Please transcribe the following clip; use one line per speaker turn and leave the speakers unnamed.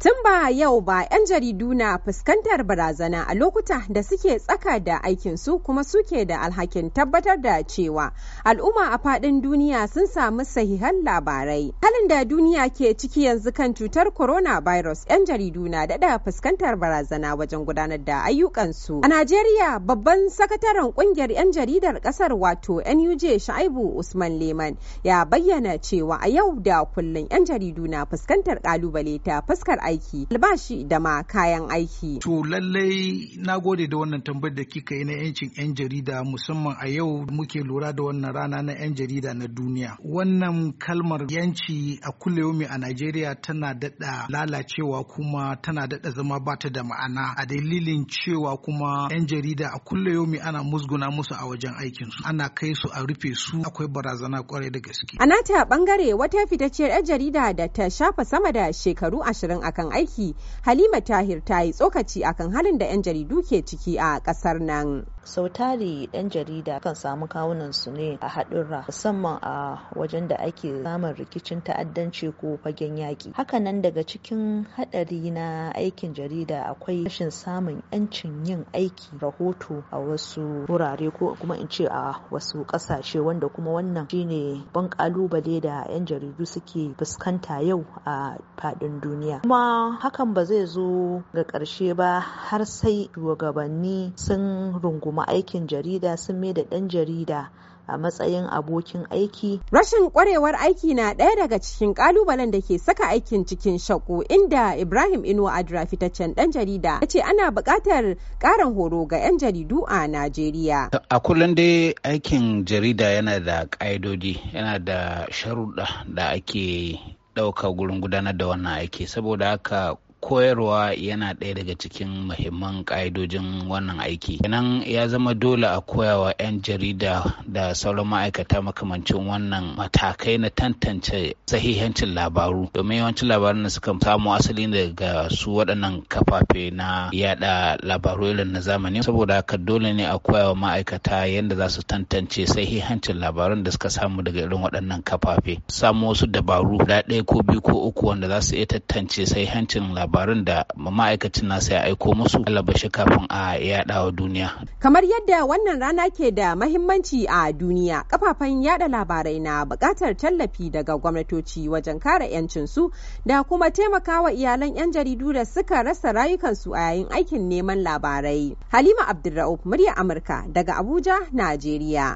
Tun ba yau ba 'yan jaridu na fuskantar barazana a lokuta da suke tsaka da aikinsu kuma suke da alhakin tabbatar da cewa al'umma a faɗin duniya sun samu sahihan labarai. Halin da duniya ke ciki yanzu kan cutar coronavirus 'yan jaridu na daɗa fuskantar barazana wajen gudanar da ayyukansu. A Najeriya babban sakataren ƙungiyar 'yan jaridar ƙasar wato NUJ Shaibu Usman Leman ya bayyana cewa a yau da kullum 'yan jaridu na fuskantar ƙalubale ta fuskar aiki albashi da ma kayan aiki. To
lallai na gode da wannan tambayar da kika yi na 'yancin 'yan jarida musamman a yau muke lura da wannan rana na 'yan jarida na duniya. Wannan kalmar 'yanci a yomi a Najeriya tana daɗa lalacewa kuma tana daɗa zama ba ta da ma'ana a dalilin cewa kuma 'yan jarida a yomi ana musguna musu a wajen aikin su. ana kai su a rufe su akwai barazana kwarai da
gaske. A nata bangare wata fitacciyar 'yan jarida da ta shafa sama da shekaru ashirin a akan aiki halima tahir ta yi tsokaci akan halin da 'yan jaridu ke ciki a kasar nan
sau tari yan jarida kan samu kawunan su ne a haɗurra musamman a wajen da ake samun rikicin ta'addanci ko fagen yaƙi hakanan daga cikin haɗari na aikin jarida akwai rashin samun yancin yin aiki rahoto a wasu wurare ko kuma in ce a wasu ƙasashe wanda kuma wannan shine ban ƙalubale da yan jaridu suke fuskanta yau a faɗin duniya kuma hakan ba zai zo ga ƙarshe ba har sai shugabanni sun rungumi kuma aikin jarida sun mai da ɗan jarida a matsayin abokin aiki.
Rashin kwarewar aiki na ɗaya daga cikin ƙalubalen da ke saka aikin cikin shakku inda Ibrahim Inuwa Adra fitaccen ɗan jarida ya ce ana buƙatar ƙarin horo ga 'yan jaridu a Najeriya.
A kullum dai aikin jarida yana da ƙa'idodi yana da sharuɗa da ake ɗauka gurin gudanar da wannan aiki saboda haka koyarwa yana ɗaya daga cikin mahimman ƙa'idojin wannan aiki kenan ya zama dole a koyawa 'yan jarida da sauran ma'aikata makamancin wannan matakai na tantance sahihancin labaru domin yawancin labaran da suka samu asali daga su waɗannan kafafe na yada labaru irin na zamani saboda haka dole ne a koyawa ma'aikata yadda za su tantance sahihancin labarun da suka samu daga irin waɗannan kafafe samu wasu dabaru guda ɗaya ko biyu ko uku wanda za su iya tantance sahihancin labaru labarun da ma'aikacin nasa ya aiko musu alabashi kafin a yada wa duniya.
Kamar yadda wannan rana ke da mahimmanci a duniya, kafafen yada labarai na bukatar tallafi daga gwamnatoci wajen kare su da kuma taimakawa iyalan 'yan jaridu da suka rasa rayukansu a yayin aikin neman labarai. Halima Abdulra'uf, murya Amurka daga Abuja, Najeriya.